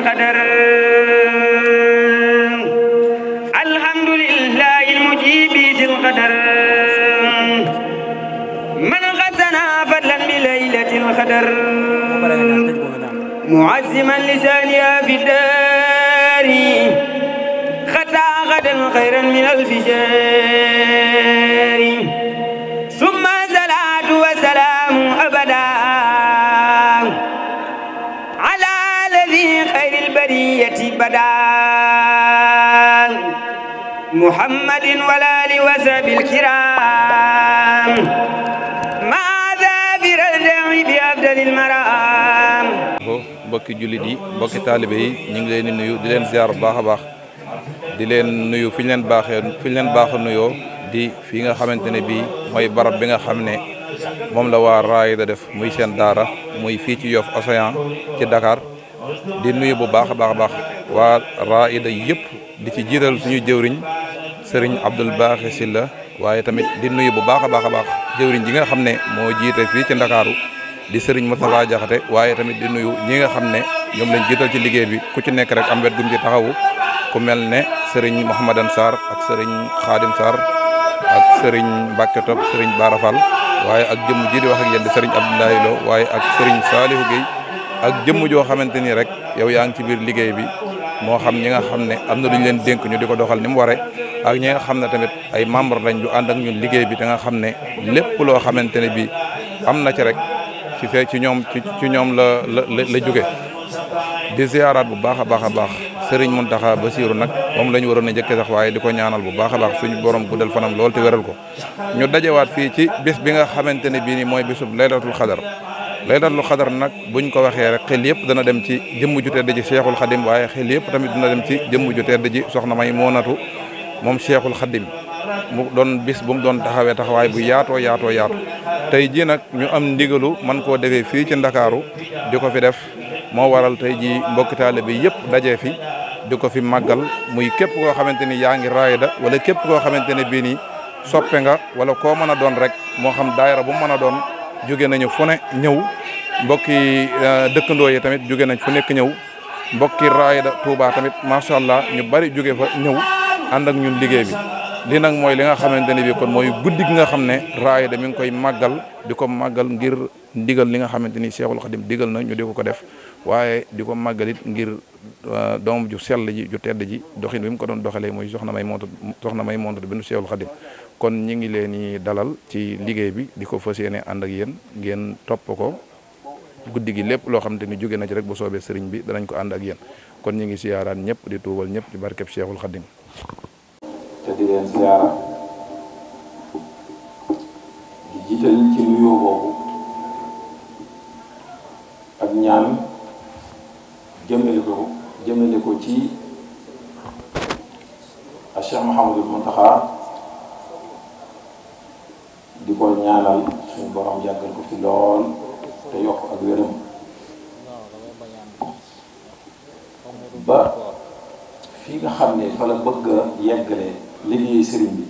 القدر الحمد لله المجيب ذي القدر من غزنا فضلا بليلة القدر معزما لسانها في الدار خدا غدا خيرا من الفجار البرية بدان محمد والآل وسب الكرام ماذا بردع بأبدل المرام mbokki jullit yi mbokki taalibe yi ñu ngi leen di nuyu di leen ziar bu baax a baax di leen nuyu fi ñu leen baaxee fi ñu leen baax a nuyoo di fi nga xamante ne bii mooy barab bi nga xam ne moom la waa raay da def muy seen daara muy fii ci Yoff Océan ci Dakar di nuyu bu baax a baax a baax waa raida yëpp di ci jiital suñu jëwriñ sëriñ Abdul Baaxi Silla waaye tamit di nuyu bu baax a baax a baax jëwriñ ji nga xam ne moo jiite fii ci Ndakaaru di sëriñ Moustapha Jaxate waaye tamit di nuyu ñi nga xam ne ñoom lañ jiital ci liggéey bi ku ci nekk rek am wet gum ci taxawu ku mel ne sëriñ Mouhamadan Sarr ak sëriñ Xaadim Sarr ak sëriñ Mbacke Top sëriñ Bara waaye ak jëmm ji di wax ak yéen di sëriñ Abdoulaye Lo waaye ak sëriñ Salihu Gueye ak jëmm joo xamante ni rek yow yaa ngi ci biir liggéey bi moo xam ñi nga xam ne am na lu leen dénk ñu di ko doxal ni mu waree ak ñi nga xam ne tamit ay membre lañ yu ànd ak ñun liggéey bi da nga xam ne lépp loo xamante ne bi am na ci rek ci fee ci ñoom ci ñoom la la la jóge di ziaraat bu baax a baax a baax Serigne Mountakha Bassirou nag moom la ñu waroon a njëkkee sax waaye di ko ñaanal bu baax a baax suñu borom guddal fanam lool te wéral ko ñu dajewaat fii ci bis bi nga xamante ne bii nii mooy bisub laylatul xadar laylatul xadar nag buñ ko waxee rek xel yëpp dana dem ci jëmm ju tedd ji cheikhul xadim waaye xel yëpp tamit dana dem ci jëmm ju tedd ji soxna may moonatu moom cheikhul xadim mu doon bis bu mu doon taxawee taxawaay bu yaatoo yaatoo yaatu tey jii nag ñu am ndigalu man koo defee fii ci ndakaaru di ko fi def moo waral tey jii mbokki taalibe bi yëpp daje fi di ko fi màggal muy képp koo xamante ni yaa ngi raayda wala képp koo xamante ne bii nii soppe nga wala koo mën a doon rek moo xam daayira bu mën a doon jóge nañu fu ne ñëw mbokki euh, dëkkandoo yi tamit jóge nañ fu nekk ñëw mbokki da Touba tamit macha allah ñu bari jóge fa ñëw ànd ak ñun liggéey bi. lii nag mooy li nga xamante ne bii kon mooy guddi gi nga xam ne raayda mi ngi koy màggal di ko màggal ngir ndigal li nga xamante ni Cheikhul Khadim digal na ñu di ko def waaye di ko màggalit ngir euh, doom ju sell ji ju tedd ji doxin bi mu ko doon doxalee muy soxna may montu soxna may montu bi nu Cheikhul Khadim kon ñi ngi leen di dalal ci liggéey bi di ko fas yéene ànd ak yéen ngeen topp ko guddi gi lépp loo xamante ni jóge na ci rek bu soobee sëriñ bi danañ ko ànd ak yéen kon ñi ngi siyaaraan ñépp di tuubal ñëpp ci barkeb Cheikhul Khadim te di leen siyaara di jiital ci nuyoo boobu ak ñaan jëmale ko jëmale ko ci Cheikh Mouhamadul Mountakha di ñaanal suñu borom jàggal ko fi lool te yokk ak wéram ba fii nga xam ne fa la bëgg a yeggale liggéey sëriñ bi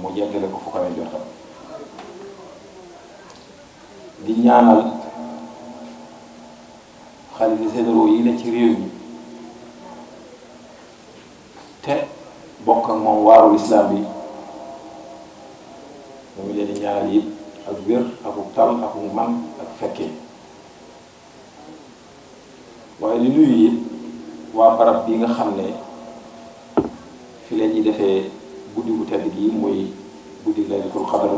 mu yeggale ko fu kawe jotam di ñaanal xalifa généraux yi ne ci réew mi te bokk ak moom waaru islam bi barab bi nga xam ne fi leen ñuy defee guddi bu tedd gi muy guddi laylatul xadar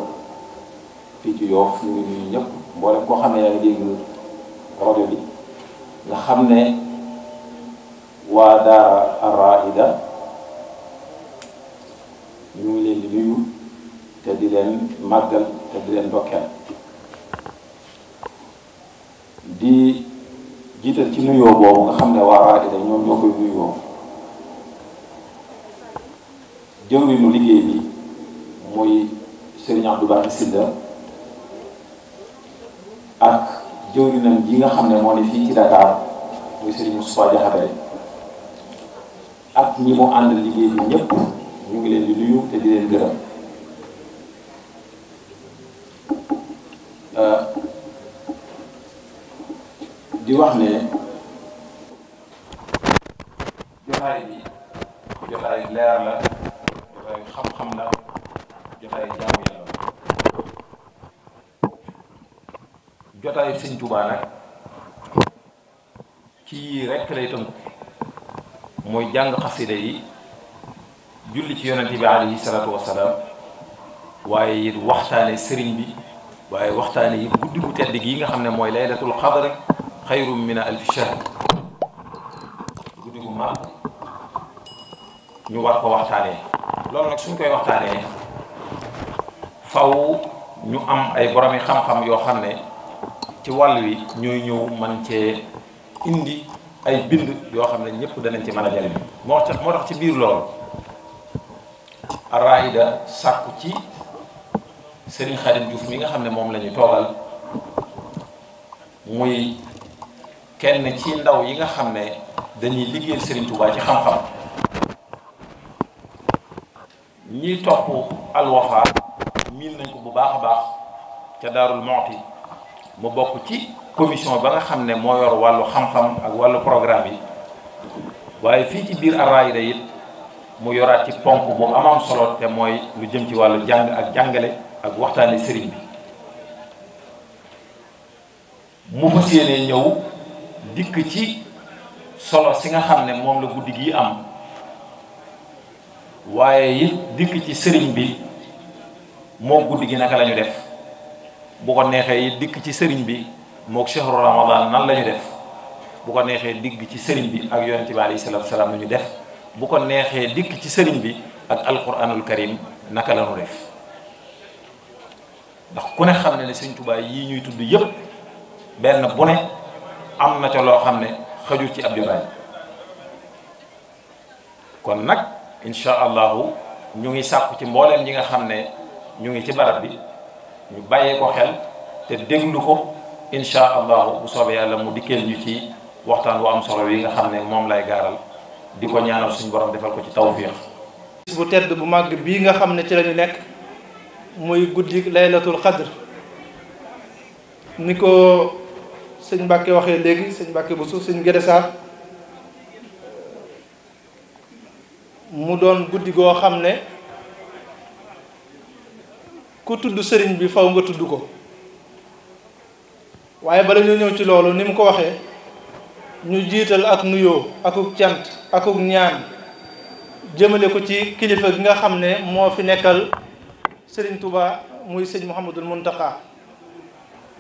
fii ci Yoof ñu ngi ñëpp mboolem koo xam ne yaa ngi dégg rajo bi nga xam ne waa daara Arraida ñu ngi leen di nuyu te di leen màggal te di leen ndokkeel di jiital ci nuyoo boobu nga xam ne waa Raayda ñoom ñoo koy nuyoo jëwriñu liggéey bi mooy Serigne Abdou Bakhi Sylla ak jëwriñam ji nga xam ne moo ne fii ci Dakar muy Serigne Moustapha Diakhaté ak ñi mu ànd liggéey bi ñëpp ñu ngi leen di nuyu te di leen gërëm. di wax ne jotaay bi jotaay leer la jotaay xam-xam la jotaay jaamu yàlla jotaay sëñ Tuubaa nag ci rekk lay tënku mooy jàng xasida yi julli ci yonent bi alayhi salaatu wasalaam waaye it waxtaane sëriñ bi waaye waxtaane yi guddi gu tedd gi nga xam ne mooy laylatul xadr xayrum min alfi shahr guddi gu mag ñu war ko waxtaanee loolu nag suñ koy waxtaanee faw ñu am ay boromi xam-xam yoo xam ne ci wàll wi ñooy ñëw man cee indi ay bind yoo xam ne ñëpp danañ ci mën a jëriñ moo tax moo tax ci biir loolu araida sàkku ci Serigne Khadim Diouf mi nga xam ne moom lañuy ñu toogal muy kenn ci ndaw yi nga xam ne dañuy liggéey Serigne Touba ci xam-xam ñiy topp alwafa miin nañ ko bu baax a baax ca Daarul Moxti mu bokk ci commission ba nga xam ne moo yor wàllu xam-xam ak wàllu programme yi waaye fii ci biir Arraayda it mu yoraat ci ponk bu amam solo te mooy lu jëm ci wàllu jàng ak jàngale ak waxtaane Serigne bi mu fas yéene ñëw. dikk ci solo si nga xam ne moom la guddi gi am waaye it dikk ci sëriñ bi moom guddi gi naka la def bu ko neexee dikk ci sëriñ bi mook shahru nan la ko neexee digg ci sëriñ bi ak yonente bi alayhi salaatu salaam lu ñu def bu ko neexee dikk ci sëriñ bi ak alquranul karim naka la def ndax ku ne xam ne ne sëñ Tuubaa yi ñuy tudd yépp benn bu ne am na ca loo xam ne xaju ci ab jotaay kon nag insha allahu ñu ngi sàkku ci mbooleem ñi nga xam ne ñu ngi ci barab bi ñu bàyyee ko xel te déglu ko insha allahu bu soobee yàlla mu dikkeel ñu ci waxtaan bu am solo yi nga xam ne moom lay gaaral di ko ñaanal suñu borom defal ko ci tawfiix bis bu tedd bu màgg bi nga xam ne ci lañu nekk muy guddi laylatul qadr ni ko sëñ Mbàkke waxee léegi sëñ Mbàkke bu suuf sëñ Gédé mu doon guddi goo xam ne ku tudd sëriñ bi faw nga tudd ko waaye bala ñu ñëw ci loolu ni mu ko waxee ñu jiital ak nuyoo akuk cant akuk ñaan jëmale ko ci kilifa gi nga xam ne moo fi nekkal sëriñ Touba muy sëñ Mouhamadul Mountakha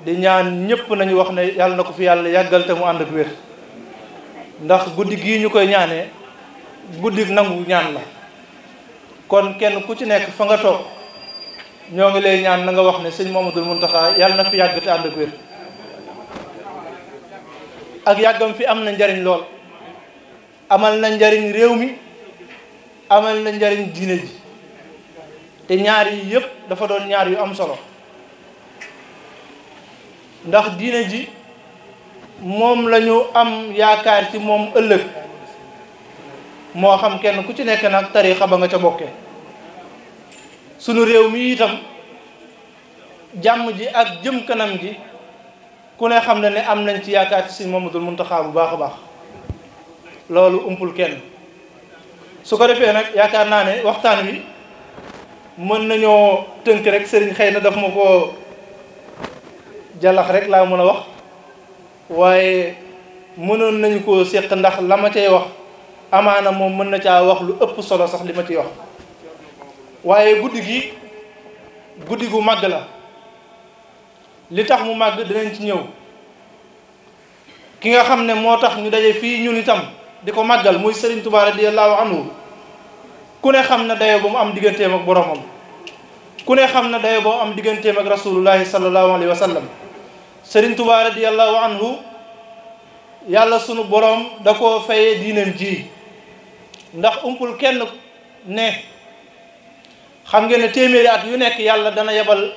di ñaan ñëpp nañu wax ne yàlla na ko fi yàlla yàggal te mu ànd ak wér ndax guddi gii ñu koy ñaanee guddi nangu ñaan la kon kenn ku ci nekk fa nga toog ñoo ngi lay ñaan na nga wax ne sëñ mun Mountakha yàlla na fi yàgg te ànd ak wér ak yàggam fi am na njariñ lool amal na njariñ réew mi amal na njariñ diine ji te ñaar yi yëpp dafa doon ñaar yu am solo ndax diine ji moom lañu am yaakaar ci moom ëllëg moo xam kenn ku ci nekk nag tariixa ba nga ca bokkee sunu réew mi itam jàmm ji ak jëm kanam ji ku ne xam ne ne am nañ ci yaakaar ci Sëriñ Mamadu xaa bu baax a baax loolu umpul kenn su ko defee nag yaakaar naa ne waxtaan wi mën nañoo tënk rek sëriñ xëy na daf ma ko jalax rek laa mën a wax waaye mënoon nañu ko séq ndax la ma cay wax amaana moom mën na caa wax lu ëpp solo sax li ma ciy wax waaye guddi gi guddi gu màgg la li tax mu màgg dinañ ci ñëw ki nga xam ne moo tax ñu daje fii ñun itam di ko màggal muy Serigne Touba radiyallahu anhu ku ne xam ne dayo ba mu am digganteem ak boromam ku ne xam na dayo ba mu am digganteem ak rasulullahi sallallahu alayhi wa sallam sëriñ Tuubaa radiyallahu anhu yàlla sunu boroom da koo fayee diinam ji ndax umpul kenn ne xam ngeen ne téeméeri at yu nekk yàlla dana yebal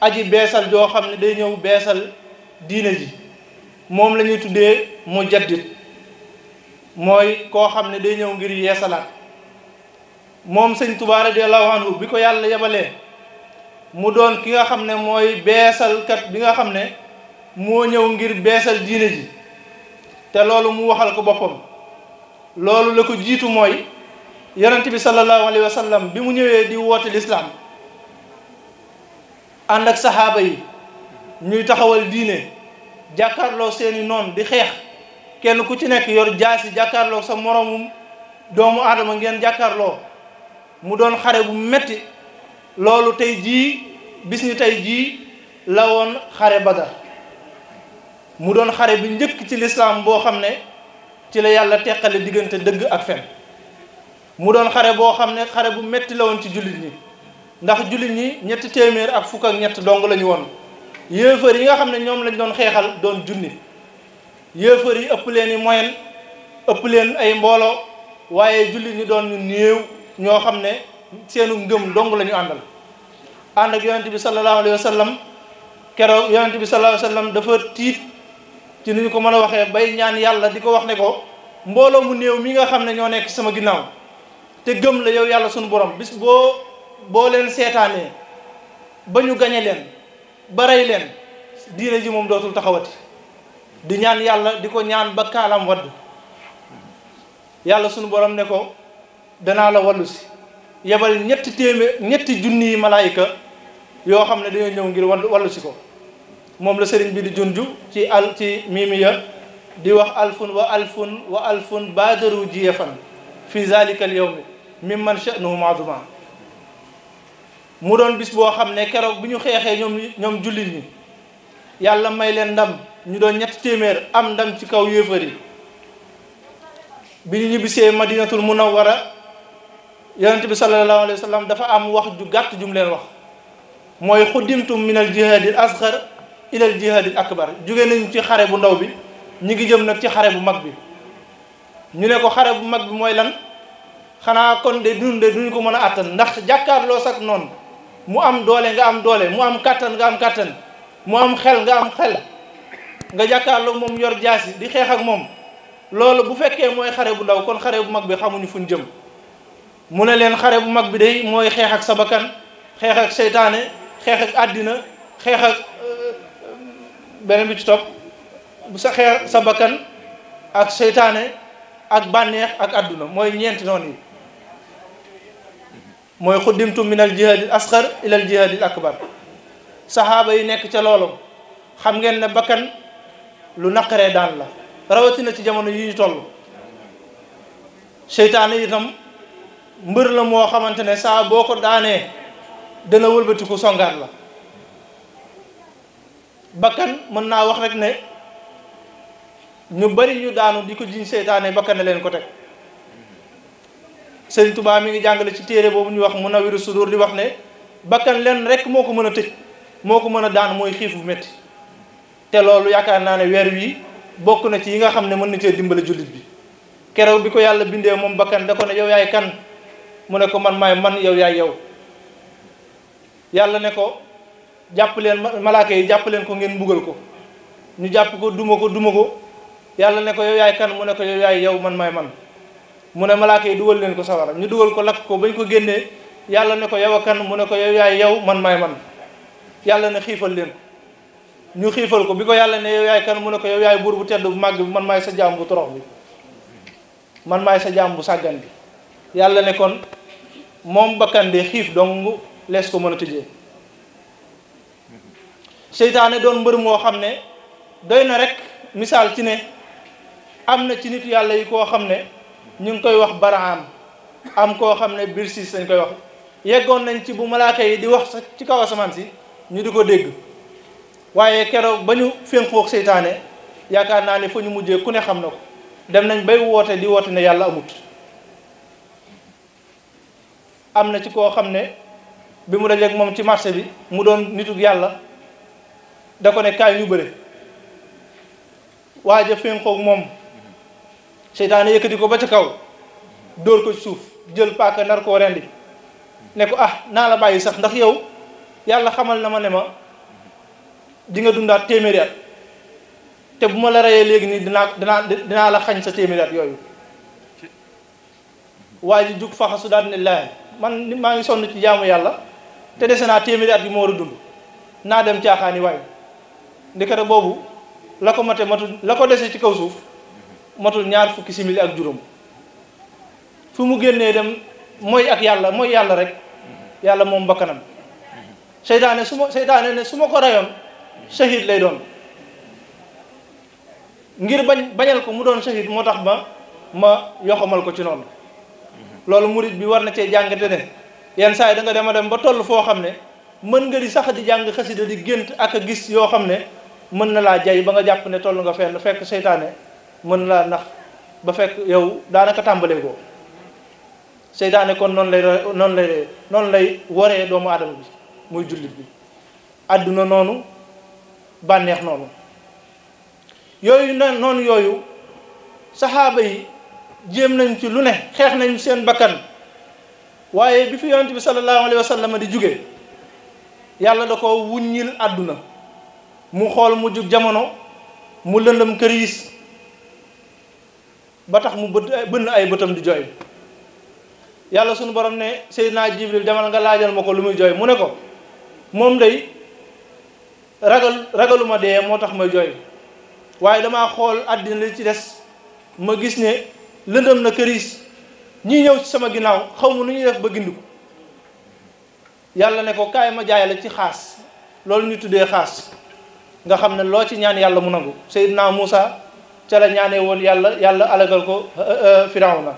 aji beesal joo xam ne day ñëw beesal diine ji moom lañuy tuddee mu jaddit mooy koo xam ne day ñëw ngir yeesalaat moom sëñ Tuubaa radiyallahu anhu bi ko yàlla yebalee mu doon ki nga xam ne mooy beesalkat bi nga xam ne moo ñëw ngir beesal diine ji te loolu mu waxal ko boppam loolu la ko jiitu mooy yonent bi sallallahu alayhi wa sallam bi mu ñëwee di woote lislaam ànd ak saxaaba yi ñuy taxawal diine jàkkaarloo seeni noon di xeex kenn ku ci nekk yor jaasi jàkkaarloo sa moromum doomu aadama ngeen jàkkaarloo mu doon xare bu metti loolu tey jii bis ni tey jii la woon xare badar mu doon xare bi njëkk ci lislaam boo xam ne ci la yàlla teqale diggante dëgg ak fen mu doon xare boo xam ne xare bu metti la woon ci jullit ñi ndax jullit ñi ñett téeméer ak fukk ak ñett dong la woon yéefar yi nga xam ne ñoom lañ doon xeexal doon junni yéefar yi ëpp leen i moyen ëpp leen ay mbooloo waaye jullit ñi doon ñu néew ñoo xam ne seenu ngëm dong la ñu àndal ànd ak yonente bi sallallahu alayhi wa sallam keroog yonente bi sallallahu alayhi wa sallam dafa tiit ci ni ñu ko mën a waxee bay ñaan yàlla di ko wax ne ko mbooloo mu néew mi nga xam ne ñoo nekk sama ginnaaw te gëm la yow yàlla suñu borom bis boo boo leen seetaanee ba ñu gañe leen ba leen diine ji moom dootul taxawati di ñaan yàlla di ko ñaan ba kaalam wadd yàlla suñu borom ne ko danaa la wallu si yebal ñetti téeméer ñetti junni yi malaayika yoo xam ne dañoo ñëw ngir wàllu wàllu si ko moom la sëriñ bi di junju ci al ci miimiya di wax alfun wa alfun wa alfun baadaru jiyefan fi zalika al yawmi mimman sha'nuhu maaduma mu doon bis boo xam ne keroog bi ñu xeexee ñoom ñoom jullit ñi yàlla may leen ndam ñu doon ñetti téeméer am ndam ci kaw yéefar yi bi ñu ñibbisee madinatul munawwara yonent bi sallallahu salaam wa dafa am wax ju gàtt jum leen wax mooy xuddimtum min al jihaadi al asgar ila al jihaadi al akbar jóge nañu ci xare bu ndaw bi ñu ngi jëm nag ci xare bu mag bi ñu ne ko xare bu mag bi mooy lan xanaa kon de dun de duñu ko mën a àttan ndax jàkkaarloo sax noonu mu am doole nga am doole mu am kàttan nga am kàttan mu am xel nga am xel nga jàkkaarloo moom yor jaasi di xeex ak moom loolu bu fekkee mooy xare bu ndaw kon xare bu mag bi xamuñu fuñ jëm mu ne leen xare bu mag bi day mooy xeexak sa bakkan xeexak seytaane xeex àddina xeexak ak euh, beneen bi ci topp bu sa xeex sabakan ak seytaane ak bànneex ak àdduna mooy ñeenti noonu yi mooy xuddimtu min al jihaadil asxar ila al jihaadil akbar saxaaba yi nekk ca loolu xam ngeen ne bakkan lu naqaree daan la rawatina ci jamono yi ñu toll seytaane itam mbër la moo xamante ne saa boo ko daanee dana wëlbatiku songaat la bakkan mën naa wax rek ne ñu bari ñu daanu di ko jiñ seytaane bakkan leen ko teg Sëriñ Tuubaa mi ngi jàngale ci téere boobu ñu wax a Munawwiru Sudur di wax ne bakkan leen rek moo ko mën a tëj moo ko mën a daan mooy xiif bu métti te loolu yaakaar naa ne weer wii bokk na ci yi nga xam ne mën na cee dimbale jullit bi keroog bi ko yàlla bindee moom bakkan da ko ne yow yaay kan mu ne ko man maay man yow yaay yow yàlla ne ko jàpp leen malaaka yi jàpp leen ko ngeen buggal ko ñu jàpp ko duma ko duma ko yàlla ne ko yow yaay kan mu ne ko yow yaay yow man maay man mu ne malaaka yi leen ko sawara ñu dugal ko lakk ko bañ ko génnee yàlla ne ko yow a kan mu ko yow yaay yow man maay man yàlla ne xiifal leen ko ñu xiifal ko bi ko yàlla ne yow yaay kan mu ne ko yow yaay buur bu tedd bu màgg bi man maay sa jaam bu torox bi man maay sa jaam bu sàggan bi yàlla ne kon moom bakkan xiif dong lees ko mën a tëjee seytaane doon mbër moo xam ne doy na rek misaal ci ne am na ci nit yàlla yi koo xam ne ñu ngi koy wax baraam am koo xam ne birsis dañ koy wax yeggoon nañ ci bu malaaka yi di wax sax ci kaw asamaan si ñu di ko dégg waaye keroog ba ñu fénqoog seytaane yaakaar naa ne fa ñu mujjee ku ne xam na ko dem nañ bay woote di woote ne yàlla amut am na ci koo xam ne bi mu dajeeg moom ci marché bi mu doon nituk yàlla da ko ne kaay ñu bëre waaye ja moom seytaane yëkkati ko ba ci kaw dóor ko ci suuf jël paaka nar koo rendi ne ko ah naa la bàyyi sax ndax yow yàlla xamal na ma ne ma di nga dundaat téeméeri at te bu ma la reyee léegi nii dinaa danaa dinaa la xañ sa téeméeri at yooyu waa ji jug faxasu daal ne laay man nit maa ngi sonn ci jaamu yàlla te dese naa téeméeri at yi ma war a dund naa dem caaxaani waay ndekete boobu la ko mate matul la ko dese ci kaw suuf matul ñaar fukki simili ak juróom fu mu génnee dem mooy ak yàlla mooy yàlla rek yàlla moom bakkanam seytaane su ma seytaane ne su ma ko rayoon shahid lay doon ngir bañ bañal ko mu doon shahid moo tax ma ma yoxamal ko ci noonu loolu murit bi war na cee jàngate ne yenn saa yi da dem a dem ba toll foo xam ne mën nga di sax di jàng xasida di gént ak a gis yoo xam ne mën na laa jay ba nga jàpp ne toll nga fenn fekk seytaane mën laa nax ba fekk yow daanaka tàmbalee ko seytaane kon noonu lay noonu lay noonu waree doomu aadama bi muy jullit bi àdduna noonu bànneex noonu yooyu noonu yooyu saxaaba yi jéem nañ ci lu ne xeex nañ seen bakkan waaye bi fi yonent bi sallallahu alayhi wa sallam di jóge yàlla da ko wuññil àdduna mu xool mu jug jamono mu kër këriis ba tax mu bët bënn ay bëtam di jooy yàlla sunu borom ne Seydina Jibril demal nga laajal ma ko lu muy jooy mu ne ko moom day ragal ragaluma dee moo tax may jooy waaye damaa xool àddina li ci des ma gis ne lëndëm na këriis ñii ñëw ci sama ginnaaw xaw ma nu ñuy def ba gindiku yàlla ne ko kaay ma jaay la ci xaas loolu ñu tuddee xaas nga xam ne loo ci ñaan yàlla mu nangu Seydina Muusa ca la ñaanee woon yàlla yàlla alagal ko euh, euh, Firawna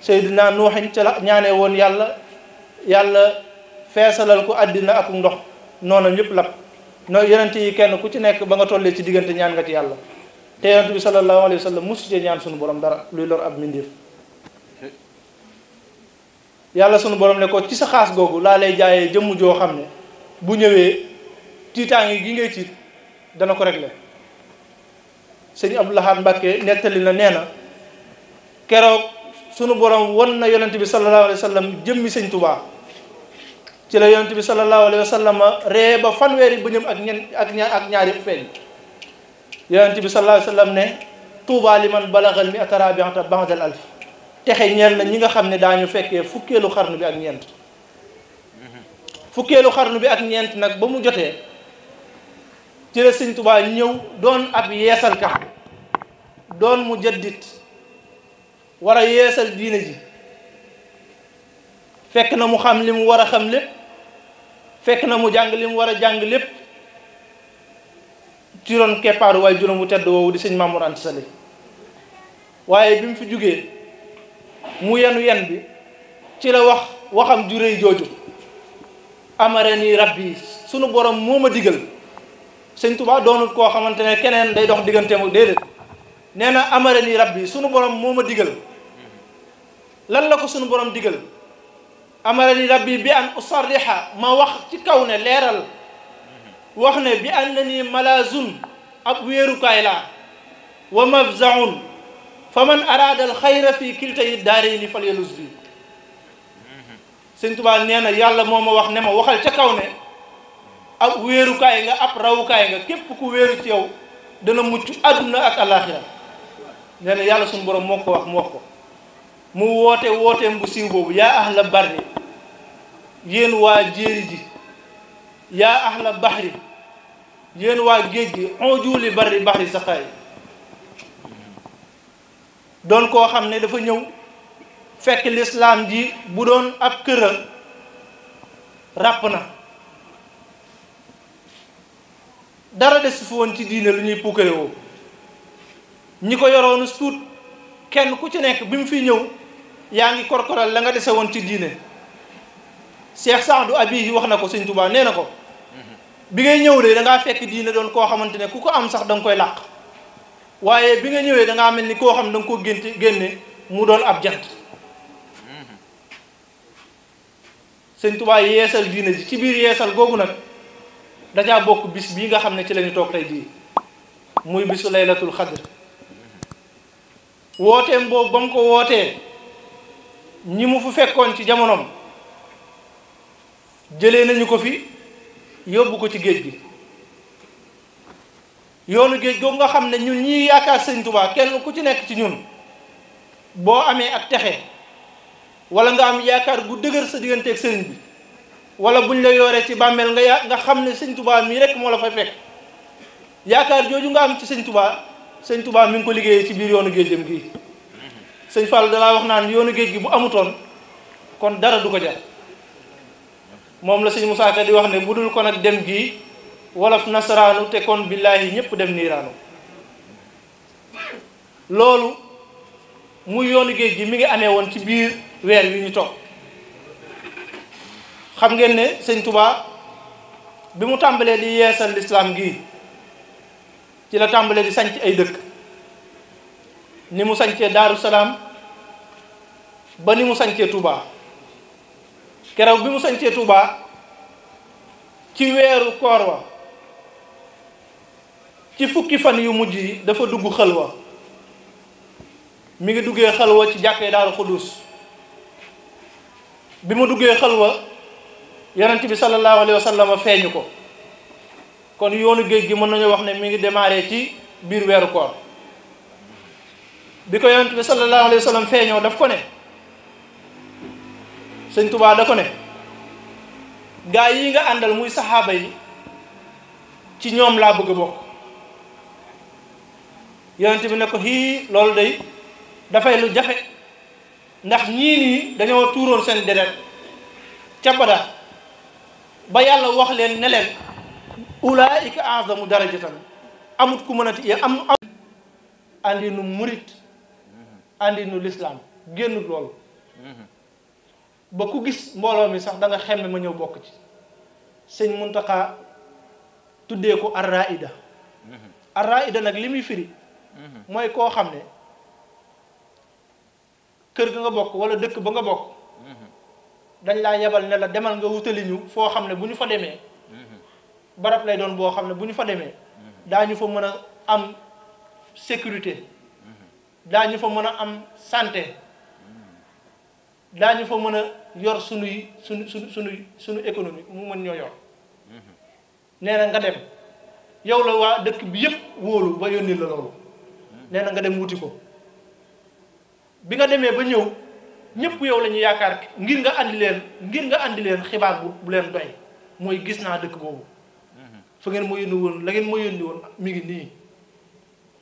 Seydina Nuuxin ca la ñaanee woon yàlla yàlla feesalal ko àddina ak ndox noonam yëpp lap no yonent yi kenn ku ci nekk ba nga tollee ci diggante ñaan nga ci yàlla te yonent bi sallallahu alayhi wa sallam musu ci ñaan sunu borom dara luy lor ab mindir yàlla sunu borom ne ko ci sa xaas googu laa lay jaayee jëmm joo xam ne bu ñëwee tiitaange gi ngay tiit dana ko régler sëñ Abdou Lahad Mbacke nettali na nee na keroog sunu borom won na yonent bi sallallahu alayhi wa sallam jëmmi sëñ ci la yonent bi sallallahu alayhi wa ree ba fanweeri bëñëm ak ñen ñaar ak ñaari feeñ yonent bi sallallahu alayhi ne tuubaa li man balagal mi atarabiata bandal alf texe ñeel na ñi nga xam ne daañu fekkee fukkeelu xarnu bi ak ñeent fukkeelu xarnu bi ak ñeent nag ba mu jotee ci la sëñ Tuubaa ñëw doon ab yeesalka doon mu jaddit war a yeesal diine ji fekk na mu xam li mu war a xam lépp fekk na mu jàng li mu war a jàng lépp ci ron keppaaru waaye juróom wu tedd woowu di sëñ Mamour Anta Sali waaye bi mu fi jógee mu yenu yen bi ci la wax waxam ju rëy jooju amare ni rabbi sunu borom moo ma digal sëñ Touba doonul koo xamante ne keneen day dox digganteem ak déedéet nee na amare ni rabbi sunu borom moo ma digal lan la ko sunu borom digal amare ni rabbi bi an usarriha ma wax ci kaw ne leeral wax ne bi ànd ni malazun ab wéerukaay laa wa mafzaun fa man araada al xayra fi kilta yi daare ni fal yelus bi sëñ Tuubaa nee na yàlla moo ma wax ne ma waxal ca kaw ne ab wéerukaay nga ab rawukaay nga képp ku wéeru ci yow dana mucc àdduna ak alaxira nee na yàlla suñu borom moo ko wax mu wax ko mu woote wooteem bu siiw boobu yaa ahla barri yéen waa jéeri ji yaa ahla bahri yéen waa géej gi onjuli bari bahri saqaay doon koo xam ne dafa ñëw fekk lislaam ji bu doon ab këra ràpp na dara des fi woon ci diine lu ñuy pukkare ñi ko yoroonu suut kenn ku ci nekk bi mu fi ñëw yaa ngi korkoral la nga dese woon ci diine Cheikh Saadu Abi wax na ko Sëñ Tuubaa nee na ko bi ngay ñëw de dangaa ngaa fekk diine doon koo xamante ne ku ko am sax danga koy làq waaye bi nga ñëwee da ngaa mel ni koo xam da nga ko génte génne mu doon ab jant sëñ Tuubaa yeesal diine ji ci biir yeesal googu nag dajaa bokk bis bii nga xam ne ci lañu toog tey jii muy bisu laylatul xadr wooteem boobu ba mu ko wootee ñi mu fu fekkoon ci jamonoom jële nañu ko fi yóbbu ko ci géej gi yoonu géej googu nga xam ne ñun ñii yaakaar sëñ tubaa kenn ku ci nekk ci ñun boo amee ak texe wala nga am yaakaar gu dëgër sa digganteeg sëriñ bi wala buñ la yooree ci bàmmeel nga ya nga xam ne sëñ Tuubaa mii rek moo la fay fekk yaakaar jooju nga am ci sëñ tubaa sëñ Tuubaa mi ko liggéeyee ci biir yoonu géejam gi sëñ Fall dalaa wax naan yoonu géej gi bu amutoon kon dara du ko jar moom la sëñ musaata di wax ne bu dul kon ak dem gi wolof nasaraanu te kon billaahi ñëpp dem niiraanu loolu muy yoonu géej gi mi ngi amee woon ci biir weer wi ñu toog xam ngeen ne sëñ Touba bi mu tàmbalee di yeesal lislaam gi ci la tàmbalee di sanc ay dëkk ni mu sañcee Daaru Salaam ba ni mu sancee Touba. keroog bi mu sañcee Touba ci weeru koor wa ci fukki fan yu mujj yi dafa dugg wa mu ngi duggee xalwa ci jàkkee daaru xudus bi mu duggee xalwa yonent bi sallallahu alayhi wa sallam feeñu ko kon yoonu géej gi mën nañu wax ne mi ngi démarré ci biir weeru koor bi ko yonent bi sallallahu alayhi wa sallam feeñoo daf ko ne sëñ tubaa da ko ne gaa yi nga àndal muy saxaaba yi ci ñoom laa bëgg a bokk yonent bi ne ko xii loolu day dafay lu jafe ndax ñii nii dañoo tuuroon seen deret ca Badar ba yàlla wax leen ne leen ulaayika azamu darajatan amut ku mënati am am andi nu murit andi nu lislaam génn loolu mm-hmm. ba ku gis mbooloo mi sax danga nga xemme ma ñëw bokk ci sëñ Muntaxa tuddee ko arraida ida mm-hmm. nag li muy firi mm-hmm. mooy koo xam ne kër ga nga bokk wala dëkk ba nga bokk mm-hmm. dañ laa yebal ne la demal nga wutali ñu foo xam ne bu ñu fa demee barab lay doon boo xam ne bu ñu fa demee daañu fa mën a am sécurité daa ñu fa mën a am santé daañu fa mën a yor sunuy sunu sunu sunuy sunu économie mu mën ñoo yor nee na nga dem yow la waa dëkk bi yëpp wóolu ba yónni la loolu nee na nga dem wuti ko bi nga demee ba ñëw ñëpp yow la ñu yaakaar ngir nga andi leen ngir nga andi leen xibaar bu bu leen doy mooy gis naa dëkk boobu fa ngeen moo yónni woon la ngeen moo yónni woon mi ngi nii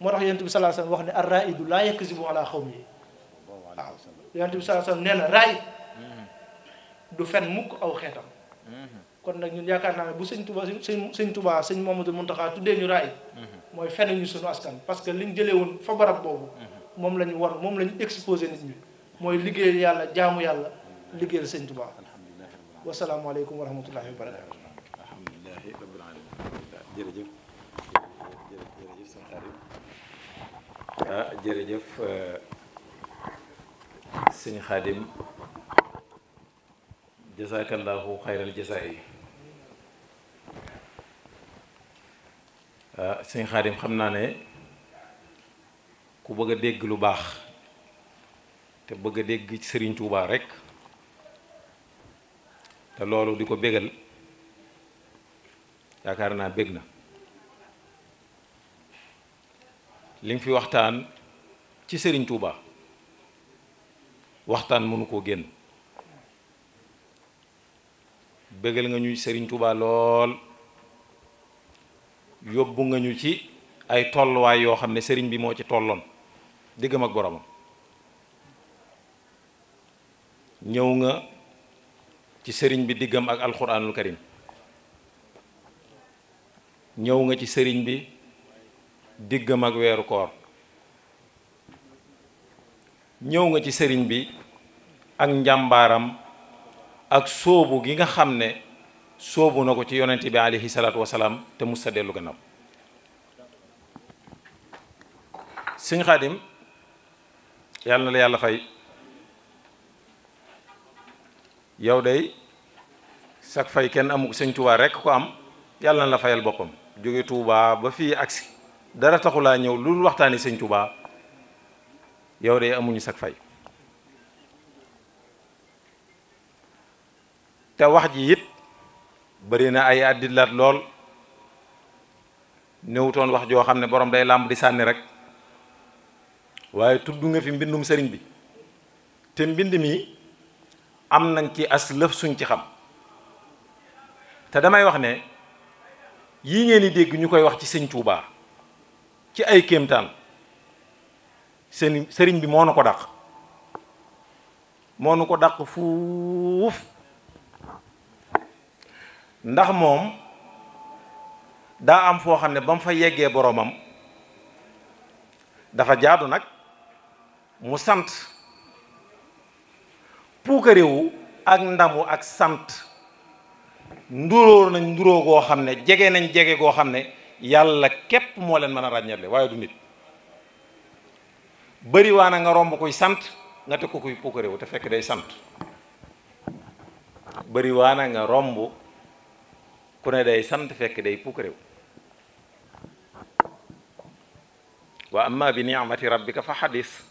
moo tax yonent bi sallallahu alayhi wasallam wax ne ar raidu laa yakzibu ala xawmi yonent bi saa sallam nee na raay mhm. du fen mukk aw xeetam mhm. kon nag ñun yaakaar naa ne bu sëñ Tuba sëñ sëñ Tuba sëñ Mamadou Muntaxa tuddee ñu raay mhm. mooy fen ñu sunu askan parce que liñ jëlee woon fa barab boobu moom la ñu war moom la ñu exposé nit ñi mooy liggéey yàlla jaamu yàlla liggéeyal sëñ Tuba wasalaamualeykum wa rahmatullahi wa barakatu alhamdulilahi rabbil alamin jërëjëf sëñ xaadim jazaakallaahu xayral jazaa yi ah xaadim xam naa ne ku bëgg a dégg lu baax te bëgg a dégg sëriñ Tuubaa rek te loolu di ko bégal yaakaar naa bég na li nga fi waxtaan ci sëriñ Tuubaa waxtaan mënu koo génn bégal nga ñu Serigne Touba lool yóbbu nga ñu ci ay tolluwaay yoo xam ne sëriñ bi moo ci tolloon diggam ak boromam ñëw nga ci sëriñ bi diggam ak alxuraanul karim ñëw nga ci Serigne bi diggam ak weeru koor ñëw nga ci sëriñ bi ak njàmbaaram ak soobu gi nga xam ne soobu na ko ci yonent bi alayhi salaatu wasalaam te mu sa dellu gannaaw sëñ Xaadim yàlla na la yàlla fay yow day sak fay kenn amu sëñ Tuubaa rekk ko am yàlla na la fayal boppam jóge Tuubaa ba fii agsi dara taxulaa ñëw lu waxtaani sëñ Tuubaa yow day amuñu sak fay te wax ji it bëri na ay addilaat lool néewutoon wax joo xam ne boroom day làmb di sànni rek waaye tudd nga fi mbindum sëriñ bi te mbind mi am nañ ci as lëf suñ ci xam te damay wax ne yii ngeen di dégg ñu koy wax ci sëñ Tuubaa ci ay kéemtaan seen sëriñ bi moo na ko dàq moo na ko dàq fuuf ndax moom daa am foo xam ne ba mu fa yeggee boroomam dafa jaadu nag mu sant puukarewu ak ndamu ak sant nduróor nañ nduróo goo xam ne jege nañ jege goo xam ne yàlla képp moo leen mën a ràññale waaye du nit bëri na nga romb kuy sant nga te ko kuy puukarewu te fekk day sant bëri nga romb ku ne day sant fekk day pukkarew wa amma bi ni'mati rabbika fa xadis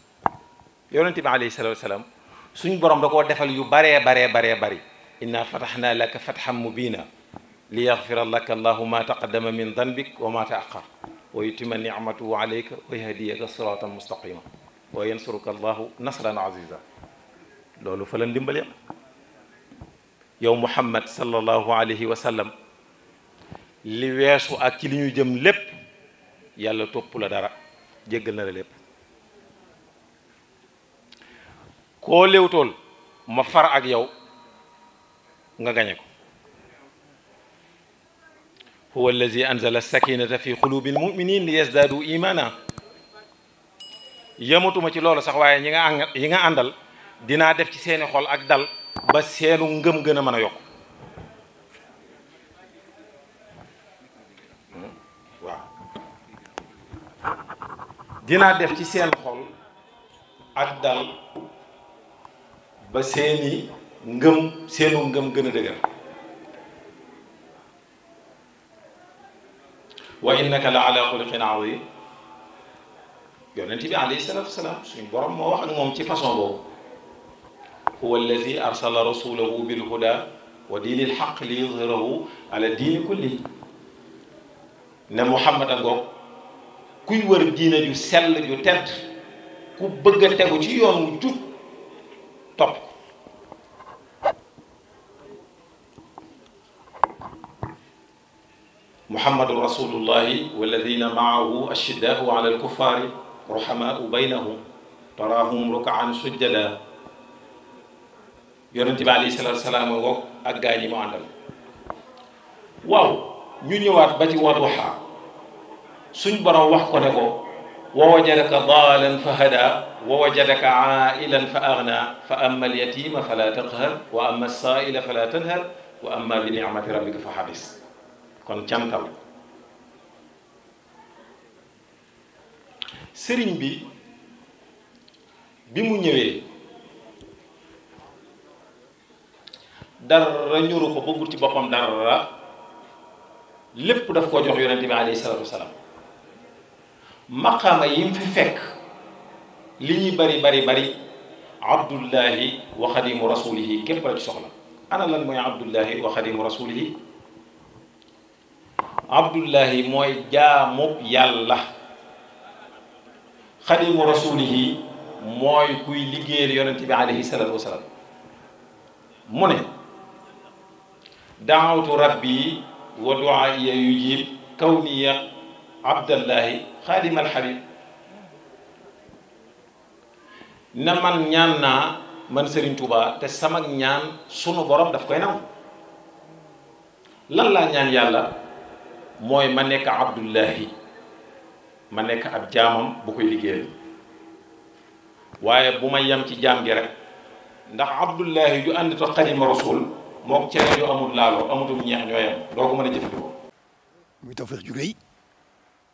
yonente bi alayhi salatu wasalaam suñ borom da koo defal yu baree baree baree bari inna fataxna laka fatxan mubina li yaxfira laka allahu ma taqaddama min danbik wa ma taaqar wa yutima nicmatahu alayka wa yahdiyaka siratan mustaqima wa yansuruka allahu nasran aziza loolu fa la ndimbal yam yow muhammad sallallahu alayhi wa sallam li weesu ak ci li ñu jëm lépp yàlla topp la dara jéggal na la lépp koo léewtool ma far ak yow nga gañe ko huwa allazi anzala sakinata fi qulubi almuminin li yazdaadu imana yamatuma ci loolu sax waaye ñi nga yi nga àndal dinaa def ci seeni xol ak dal ba seenu ngëm gën a mën a yokk dinaa def ci seen xol ak dal ba seeni ngëm seenu ngëm gën a dëgër wa innaka la ala xuluqin azim yonent bi alayhi salatu wasalaam suñu borom moo wax ak moom ci façon boobu huwa alladi arsala rasulahu bilhuda wa diini lxaq liyudhirahu ala diini kulli ne Muhammad a ngoog kuy wër diina ju sell ju tedd ku bëgg a tegu ci yoon wu jub topp muhammadu rasulullahi walladina maahu ashiddaau ala alkuffari ruhamaau baynahum taraahum rukaan sujjada yonente bi alayhi salatu salaam ak gaa ñi mu àndal waaw ñu ñëwaat ba ci Wadduha suñ borom wax ko ne ko wa wajadaka daalan fa hada wa wajadaka aailan fa agna fa ama alyatima fala taqhar wa ama alsaaila fala tanhar wa ama bi nicmati rabbika fa xabis kon cantal sëriñ bi bi mu ñëwee dara ñuru ko bëggul ci boppam dara lépp daf koo jox yonente bi alayhi salatu wasalaam maqaama yi mu fekk li ñuy bari bari bari abdullahi wa xadimu rasulihi képp la ci soxla ana lan mooy abdullahi wa xadimu rasulihi abdullahi mooy jaamub yàlla xadimu rasulihi mooy kuy liggéeyal yonente bi alayhi salatu wasalaam mu ne daawatu rabbi wa duaa iya yujib kaw abdallahi xaadim alxabib na man ñaan naa man Serigne Touba te sama ñaan sunu borom daf koy nangu lan laa ñaan yàlla mooy ma nekk abdullahi ma nekk ab jaamam bu koy liggéeyal waaye bu ma yam ci jaam gi rek ndax abdullahi ju ànd ak xadima rasul moom cere yu amul laaloo amutum ñeex ñoo yem doo ko mën a jëfandikoo muy tawfeex